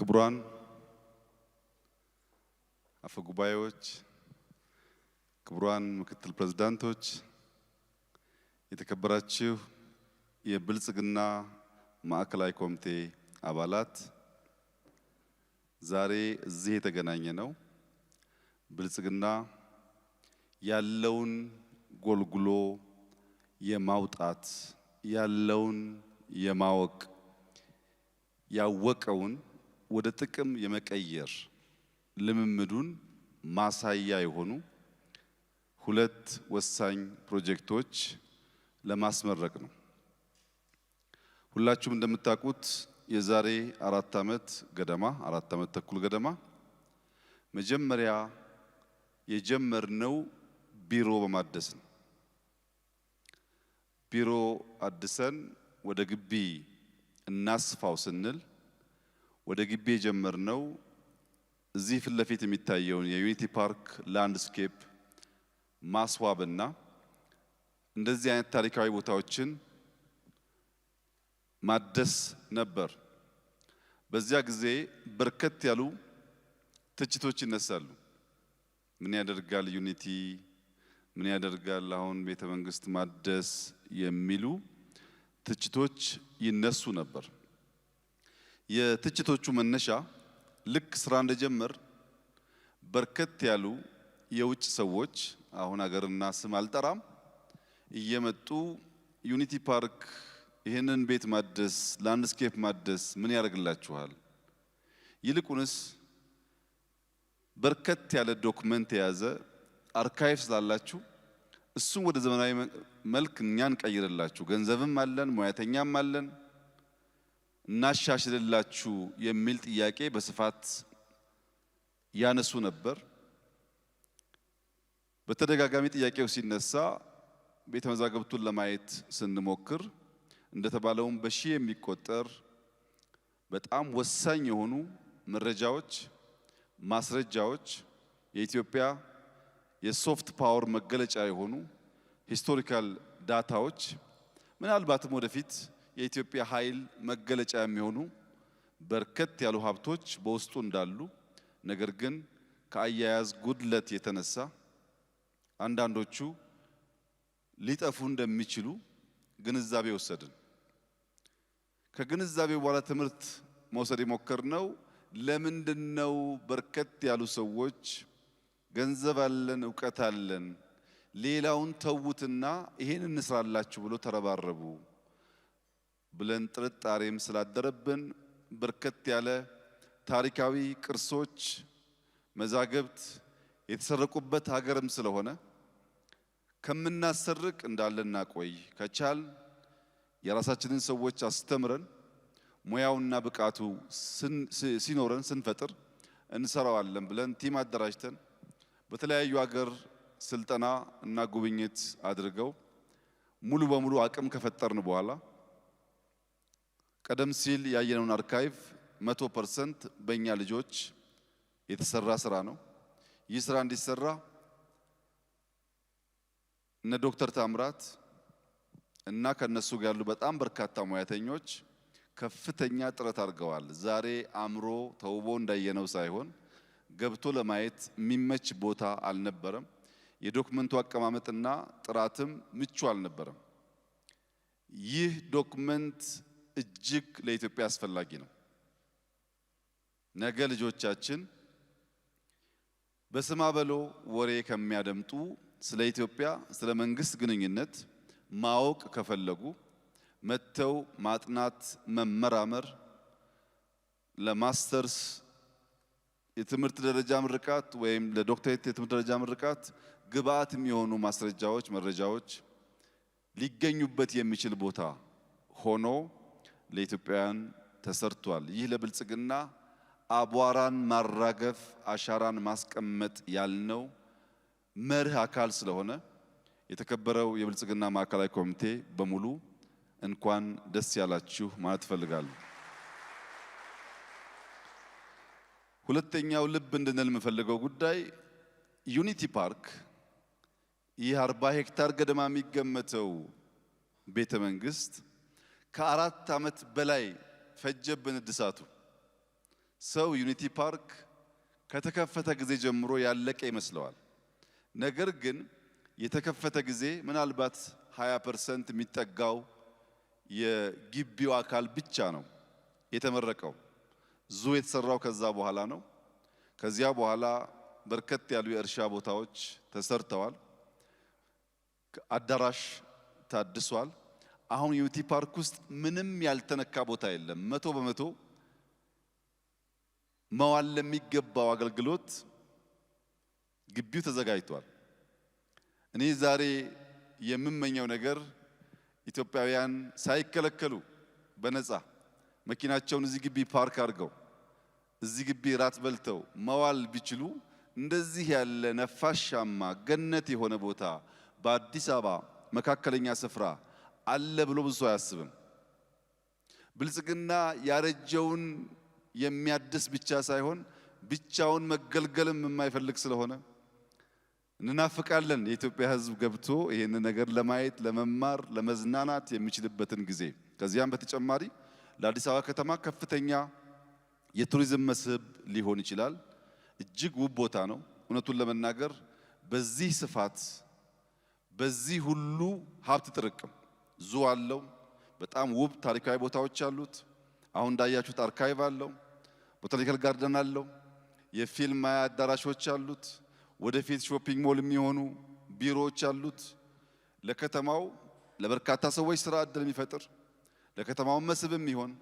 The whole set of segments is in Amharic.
ክቡራን አፈ ጉባኤዎች፣ ክቡራን ምክትል ፕሬዝዳንቶች፣ የተከበራችሁ የብልጽግና ማዕከላዊ ኮሚቴ አባላት ዛሬ እዚህ የተገናኘ ነው ብልጽግና ያለውን ጎልጉሎ የማውጣት ያለውን የማወቅ ያወቀውን ወደ ጥቅም የመቀየር ልምምዱን ማሳያ የሆኑ ሁለት ወሳኝ ፕሮጀክቶች ለማስመረቅ ነው። ሁላችሁም እንደምታውቁት የዛሬ አራት ዓመት ገደማ አራት ዓመት ተኩል ገደማ መጀመሪያ የጀመርነው ቢሮ በማደስ ነው። ቢሮ አድሰን ወደ ግቢ እናስፋው ስንል ወደ ግቢ የጀመርነው እዚህ ፊት ለፊት የሚታየውን የዩኒቲ ፓርክ ላንድስኬፕ ማስዋብና እንደዚህ አይነት ታሪካዊ ቦታዎችን ማደስ ነበር። በዚያ ጊዜ በርከት ያሉ ትችቶች ይነሳሉ። ምን ያደርጋል ዩኒቲ፣ ምን ያደርጋል አሁን ቤተ መንግስት ማደስ የሚሉ ትችቶች ይነሱ ነበር። የትችቶቹ መነሻ ልክ ስራ እንደጀመር በርከት ያሉ የውጭ ሰዎች አሁን ሀገርና ስም አልጠራም እየመጡ ዩኒቲ ፓርክ ይህንን ቤት ማደስ ላንድስኬፕ ማደስ ምን ያደርግላችኋል? ይልቁንስ በርከት ያለ ዶክመንት የያዘ አርካይቭ ስላላችሁ እሱም ወደ ዘመናዊ መልክ እኛን ቀይርላችሁ፣ ገንዘብም አለን፣ ሙያተኛም አለን እናሻሽልላችሁ የሚል ጥያቄ በስፋት ያነሱ ነበር። በተደጋጋሚ ጥያቄው ሲነሳ ቤተ መዛግብቱን ለማየት ስንሞክር እንደተባለውም በሺህ የሚቆጠር በጣም ወሳኝ የሆኑ መረጃዎች፣ ማስረጃዎች የኢትዮጵያ የሶፍት ፓወር መገለጫ የሆኑ ሂስቶሪካል ዳታዎች ምናልባትም ወደፊት የኢትዮጵያ ኃይል መገለጫ የሚሆኑ በርከት ያሉ ሀብቶች በውስጡ እንዳሉ ነገር ግን ከአያያዝ ጉድለት የተነሳ አንዳንዶቹ ሊጠፉ እንደሚችሉ ግንዛቤ ወሰድን። ከግንዛቤ በኋላ ትምህርት መውሰድ የሞከርነው ለምንድን ነው በርከት ያሉ ሰዎች ገንዘብ አለን፣ እውቀት አለን፣ ሌላውን ተዉትና ይሄን እንስራላችሁ ብሎ ተረባረቡ ብለን ጥርጣሬም ስላደረብን በርከት ያለ ታሪካዊ ቅርሶች መዛግብት የተሰረቁበት ሀገርም ስለሆነ ከምናሰርቅ እንዳለና ቆይ ከቻል የራሳችንን ሰዎች አስተምረን ሙያውና ብቃቱ ሲኖረን ስንፈጥር እንሰራዋለን ብለን ቲም አደራጅተን በተለያዩ ሀገር ስልጠና እና ጉብኝት አድርገው ሙሉ በሙሉ አቅም ከፈጠርን በኋላ ቀደም ሲል ያየነውን አርካይቭ መቶ ፐርሰንት በእኛ ልጆች የተሰራ ስራ ነው። ይህ ስራ እንዲሰራ እነ ዶክተር ታምራት እና ከነሱ ጋር ያሉ በጣም በርካታ ሙያተኞች ከፍተኛ ጥረት አድርገዋል። ዛሬ አምሮ ተውቦ እንዳየነው ሳይሆን ገብቶ ለማየት የሚመች ቦታ አልነበረም። የዶክመንቱ አቀማመጥና ጥራትም ምቹ አልነበረም። ይህ ዶክመንት እጅግ ለኢትዮጵያ አስፈላጊ ነው። ነገ ልጆቻችን በስማበሎ ወሬ ከሚያደምጡ ስለ ኢትዮጵያ ስለ መንግስት ግንኙነት ማወቅ ከፈለጉ መጥተው ማጥናት፣ መመራመር ለማስተርስ የትምህርት ደረጃ ምርቃት ወይም ለዶክተሬት የትምህርት ደረጃ ምርቃት ግብአት የሚሆኑ ማስረጃዎች፣ መረጃዎች ሊገኙበት የሚችል ቦታ ሆኖ ለኢትዮጵያውያን ተሰርቷል። ይህ ለብልጽግና አቧራን ማራገፍ አሻራን ማስቀመጥ ያልነው መርህ አካል ስለሆነ የተከበረው የብልጽግና ማዕከላዊ ኮሚቴ በሙሉ እንኳን ደስ ያላችሁ ማለት እፈልጋለሁ። ሁለተኛው ልብ እንድንል የምፈልገው ጉዳይ ዩኒቲ ፓርክ ይህ አርባ ሄክታር ገደማ የሚገመተው ቤተ መንግስት ከአራት ዓመት በላይ ፈጀብን እድሳቱ። ሰው ዩኒቲ ፓርክ ከተከፈተ ጊዜ ጀምሮ ያለቀ ይመስለዋል። ነገር ግን የተከፈተ ጊዜ ምናልባት 20 ፐርሰንት የሚጠጋው የግቢው አካል ብቻ ነው የተመረቀው። ዙ የተሰራው ከዛ በኋላ ነው። ከዚያ በኋላ በርከት ያሉ የእርሻ ቦታዎች ተሰርተዋል። አዳራሽ ታድሷል። አሁን ዩቲ ፓርክ ውስጥ ምንም ያልተነካ ቦታ የለም። መቶ በመቶ መዋል ለሚገባው አገልግሎት ግቢው ተዘጋጅቷል። እኔ ዛሬ የምመኘው ነገር ኢትዮጵያውያን ሳይከለከሉ በነፃ መኪናቸውን እዚህ ግቢ ፓርክ አድርገው እዚህ ግቢ ራት በልተው መዋል ቢችሉ እንደዚህ ያለ ነፋሻማ ገነት የሆነ ቦታ በአዲስ አበባ መካከለኛ ስፍራ አለ ብሎ ብዙ አያስብም። ብልጽግና ያረጀውን የሚያድስ ብቻ ሳይሆን ብቻውን መገልገልም የማይፈልግ ስለሆነ እንናፍቃለን። የኢትዮጵያ ሕዝብ ገብቶ ይህን ነገር ለማየት ለመማር፣ ለመዝናናት የሚችልበትን ጊዜ ከዚያም በተጨማሪ ለአዲስ አበባ ከተማ ከፍተኛ የቱሪዝም መስህብ ሊሆን ይችላል። እጅግ ውብ ቦታ ነው። እውነቱን ለመናገር በዚህ ስፋት በዚህ ሁሉ ሀብት ጥርቅም ዙ አለው። በጣም ውብ ታሪካዊ ቦታዎች አሉት። አሁን እንዳያችሁት አርካይቭ አለው፣ ቦታኒካል ጋርደን አለው፣ የፊልም ማያ አዳራሾች አሉት፣ ወደፊት ሾፒንግ ሞል የሚሆኑ ቢሮዎች አሉት። ለከተማው ለበርካታ ሰዎች ስራ እድል የሚፈጥር ለከተማው መስህብ የሚሆን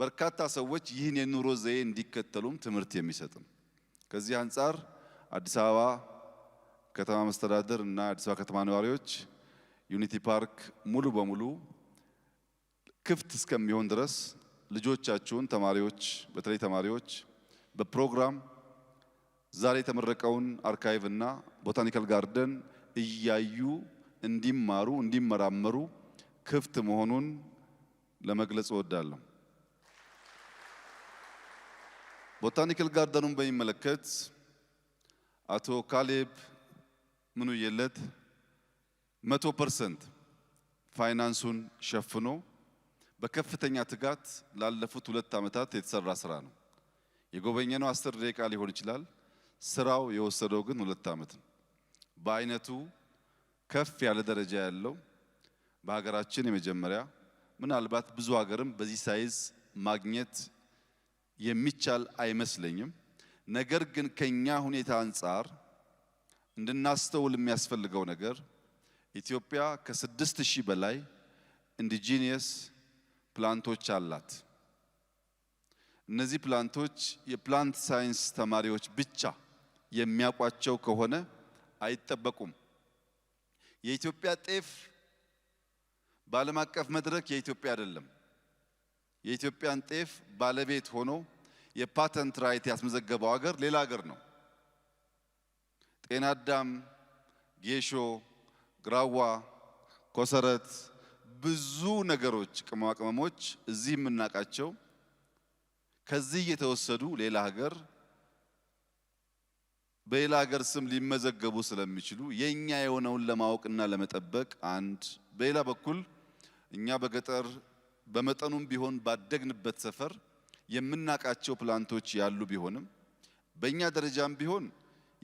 በርካታ ሰዎች ይህን የኑሮ ዘዬ እንዲከተሉም ትምህርት የሚሰጥ ነው። ከዚህ አንጻር አዲስ አበባ ከተማ መስተዳደር እና አዲስ አበባ ከተማ ነዋሪዎች ዩኒቲ ፓርክ ሙሉ በሙሉ ክፍት እስከሚሆን ድረስ ልጆቻችሁን ተማሪዎች፣ በተለይ ተማሪዎች በፕሮግራም ዛሬ የተመረቀውን አርካይቭ እና ቦታኒካል ጋርደን እያዩ እንዲማሩ እንዲመራመሩ ክፍት መሆኑን ለመግለጽ እወዳለሁ። ቦታኒካል ጋርደኑን በሚመለከት አቶ ካሌብ ምኑየለት መቶ ፐርሰንት ፋይናንሱን ሸፍኖ በከፍተኛ ትጋት ላለፉት ሁለት ዓመታት የተሰራ ስራ ነው። የጎበኘነው አስር ደቂቃ ሊሆን ይችላል። ስራው የወሰደው ግን ሁለት ዓመት ነው። በአይነቱ ከፍ ያለ ደረጃ ያለው በሀገራችን የመጀመሪያ ምናልባት ብዙ ሀገርም በዚህ ሳይዝ ማግኘት የሚቻል አይመስለኝም። ነገር ግን ከኛ ሁኔታ አንጻር እንድናስተውል የሚያስፈልገው ነገር ኢትዮጵያ ከ6000 በላይ ኢንዲጂኒየስ ፕላንቶች አላት። እነዚህ ፕላንቶች የፕላንት ሳይንስ ተማሪዎች ብቻ የሚያውቋቸው ከሆነ አይጠበቁም። የኢትዮጵያ ጤፍ በዓለም አቀፍ መድረክ የኢትዮጵያ አይደለም። የኢትዮጵያን ጤፍ ባለቤት ሆኖ የፓተንት ራይት ያስመዘገበው ሀገር ሌላ ሀገር ነው። ጤና አዳም፣ ጌሾ ግራዋ፣ ኮሰረት፣ ብዙ ነገሮች ቅመማ ቅመሞች እዚህ የምናውቃቸው ከዚህ እየተወሰዱ ሌላ ሀገር በሌላ ሀገር ስም ሊመዘገቡ ስለሚችሉ የኛ የሆነውን ለማወቅና ለመጠበቅ አንድ፣ በሌላ በኩል እኛ በገጠር በመጠኑም ቢሆን ባደግንበት ሰፈር የምናውቃቸው ፕላንቶች ያሉ ቢሆንም በእኛ ደረጃም ቢሆን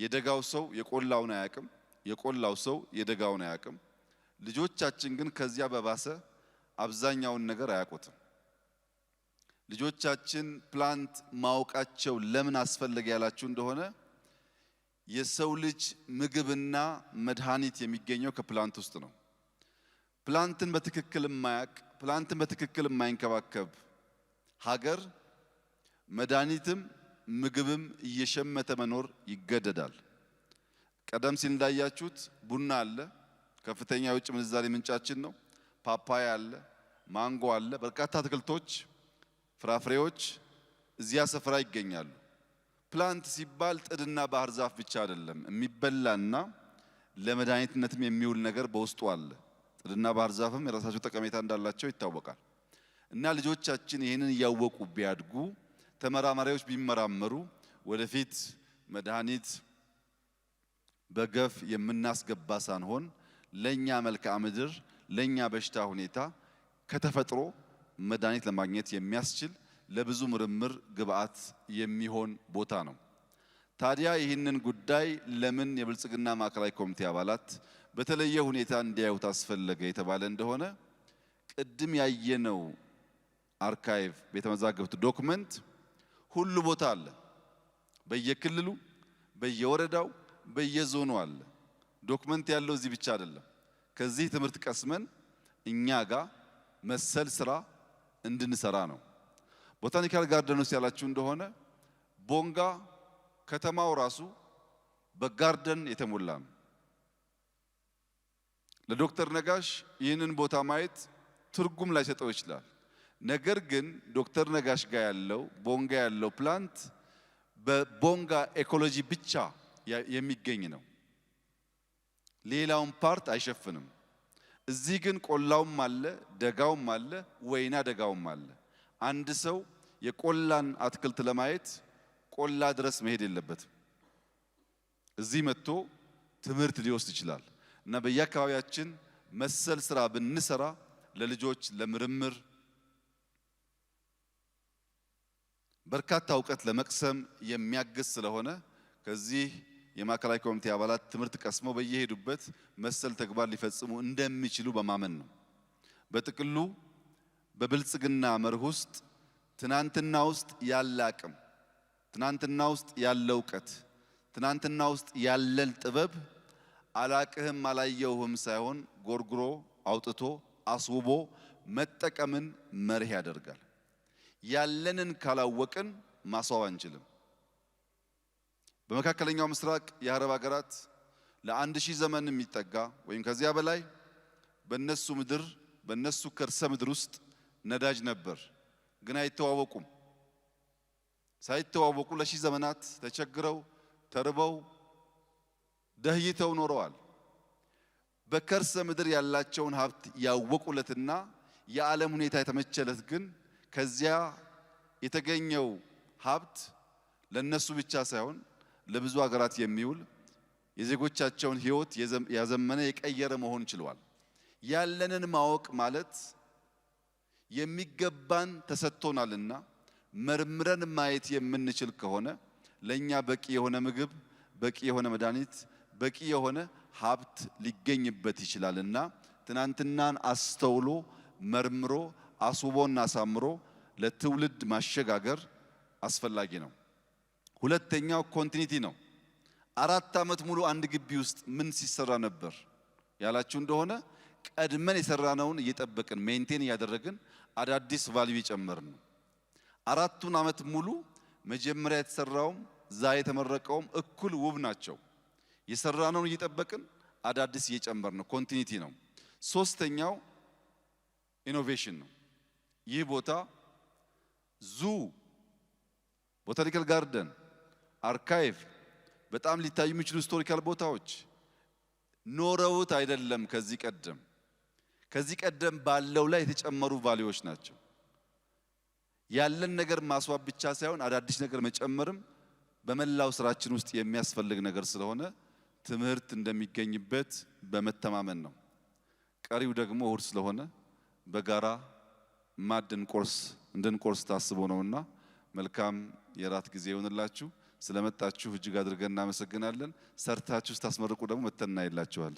የደጋው ሰው የቆላውን አያውቅም። የቆላው ሰው የደጋውን አያውቅም። ልጆቻችን ግን ከዚያ በባሰ አብዛኛውን ነገር አያውቁትም። ልጆቻችን ፕላንት ማወቃቸው ለምን አስፈለገ ያላችሁ እንደሆነ የሰው ልጅ ምግብና መድኃኒት የሚገኘው ከፕላንት ውስጥ ነው። ፕላንትን በትክክል የማያውቅ ፕላንትን በትክክል የማይንከባከብ ሀገር መድኃኒትም ምግብም እየሸመተ መኖር ይገደዳል። ቀደም ሲል እንዳያችሁት ቡና አለ፣ ከፍተኛ የውጭ ምንዛሬ ምንጫችን ነው። ፓፓያ አለ፣ ማንጎ አለ፣ በርካታ አትክልቶች፣ ፍራፍሬዎች እዚያ ስፍራ ይገኛሉ። ፕላንት ሲባል ጥድና ባህር ዛፍ ብቻ አይደለም። የሚበላና ለመድኃኒትነትም የሚውል ነገር በውስጡ አለ። ጥድና ባህር ዛፍም የራሳቸው ጠቀሜታ እንዳላቸው ይታወቃል። እና ልጆቻችን ይህንን እያወቁ ቢያድጉ፣ ተመራማሪዎች ቢመራመሩ ወደፊት መድኃኒት በገፍ የምናስገባ ሳንሆን ለኛ መልክዓ ምድር ለኛ በሽታ ሁኔታ ከተፈጥሮ መድኃኒት ለማግኘት የሚያስችል ለብዙ ምርምር ግብዓት የሚሆን ቦታ ነው። ታዲያ ይህንን ጉዳይ ለምን የብልጽግና ማዕከላዊ ኮሚቴ አባላት በተለየ ሁኔታ እንዲያዩት አስፈለገ የተባለ እንደሆነ ቅድም ያየነው አርካይቭ ቤተመዛግብት ዶክመንት ሁሉ ቦታ አለ። በየክልሉ፣ በየወረዳው በየዞኑ አለ። ዶክመንት ያለው እዚህ ብቻ አይደለም። ከዚህ ትምህርት ቀስመን እኛ ጋር መሰል ስራ እንድንሰራ ነው። ቦታኒካል ጋርደኖች ያላችሁ እንደሆነ ቦንጋ ከተማው ራሱ በጋርደን የተሞላ ነው። ለዶክተር ነጋሽ ይህንን ቦታ ማየት ትርጉም ላይሰጠው ይችላል። ነገር ግን ዶክተር ነጋሽ ጋር ያለው ቦንጋ ያለው ፕላንት በቦንጋ ኤኮሎጂ ብቻ የሚገኝ ነው። ሌላውን ፓርት አይሸፍንም። እዚህ ግን ቆላውም አለ፣ ደጋውም አለ፣ ወይና ደጋውም አለ። አንድ ሰው የቆላን አትክልት ለማየት ቆላ ድረስ መሄድ የለበትም። እዚህ መጥቶ ትምህርት ሊወስድ ይችላል። እና በየአካባቢያችን መሰል ስራ ብንሰራ ለልጆች ለምርምር በርካታ እውቀት ለመቅሰም የሚያግዝ ስለሆነ ከዚህ የማዕከላዊ ኮሚቴ አባላት ትምህርት ቀስመው በየሄዱበት መሰል ተግባር ሊፈጽሙ እንደሚችሉ በማመን ነው። በጥቅሉ በብልጽግና መርህ ውስጥ ትናንትና ውስጥ ያለ አቅም፣ ትናንትና ውስጥ ያለ እውቀት፣ ትናንትና ውስጥ ያለን ጥበብ አላቅህም አላየውህም ሳይሆን ጎርጉሮ አውጥቶ አስውቦ መጠቀምን መርህ ያደርጋል። ያለንን ካላወቅን ማስዋብ አንችልም። በመካከለኛው ምስራቅ የአረብ ሀገራት ለአንድ ሺህ ዘመን የሚጠጋ ወይም ከዚያ በላይ በነሱ ምድር በነሱ ከርሰ ምድር ውስጥ ነዳጅ ነበር፣ ግን አይተዋወቁም። ሳይተዋወቁ ለሺህ ዘመናት ተቸግረው ተርበው ደህይተው ኖረዋል። በከርሰ ምድር ያላቸውን ሀብት ያወቁለትና የዓለም ሁኔታ የተመቸለት ግን ከዚያ የተገኘው ሀብት ለነሱ ብቻ ሳይሆን ለብዙ ሀገራት የሚውል የዜጎቻቸውን ህይወት ያዘመነ የቀየረ መሆን ችሏል። ያለንን ማወቅ ማለት የሚገባን ተሰጥቶናልና መርምረን ማየት የምንችል ከሆነ ለእኛ በቂ የሆነ ምግብ፣ በቂ የሆነ መድኃኒት፣ በቂ የሆነ ሀብት ሊገኝበት ይችላል እና ትናንትናን አስተውሎ መርምሮ አስውቦና አሳምሮ ለትውልድ ማሸጋገር አስፈላጊ ነው። ሁለተኛው ኮንቲኒቲ ነው። አራት ዓመት ሙሉ አንድ ግቢ ውስጥ ምን ሲሰራ ነበር ያላችሁ እንደሆነ ቀድመን የሰራነውን እየጠበቅን ሜንቴን እያደረግን አዳዲስ ቫልዩ እየጨመርን ነው። አራቱን ዓመት ሙሉ መጀመሪያ የተሰራውም ዛ የተመረቀውም እኩል ውብ ናቸው። የሰራነውን እየጠበቅን አዳዲስ እየጨመርን ነው። ኮንቲኒቲ ነው። ሶስተኛው ኢኖቬሽን ነው። ይህ ቦታ ዙ፣ ቦታኒካል ጋርደን አርካይቭ፣ በጣም ሊታዩ የሚችሉ ሂስቶሪካል ቦታዎች ኖረውት አይደለም። ከዚህ ቀደም ከዚህ ቀደም ባለው ላይ የተጨመሩ ቫሊዎች ናቸው። ያለን ነገር ማስዋብ ብቻ ሳይሆን አዳዲስ ነገር መጨመርም በመላው ስራችን ውስጥ የሚያስፈልግ ነገር ስለሆነ ትምህርት እንደሚገኝበት በመተማመን ነው። ቀሪው ደግሞ እሁድ ስለሆነ በጋራ ማዕድ እንቆርስ እንድንቆርስ ታስቦ ነውና መልካም የራት ጊዜ ይሆንላችሁ። ስለመጣችሁ እጅግ አድርገን እናመሰግናለን። ሰርታችሁ ስታስመርቁ ደግሞ መተና ይላችኋል።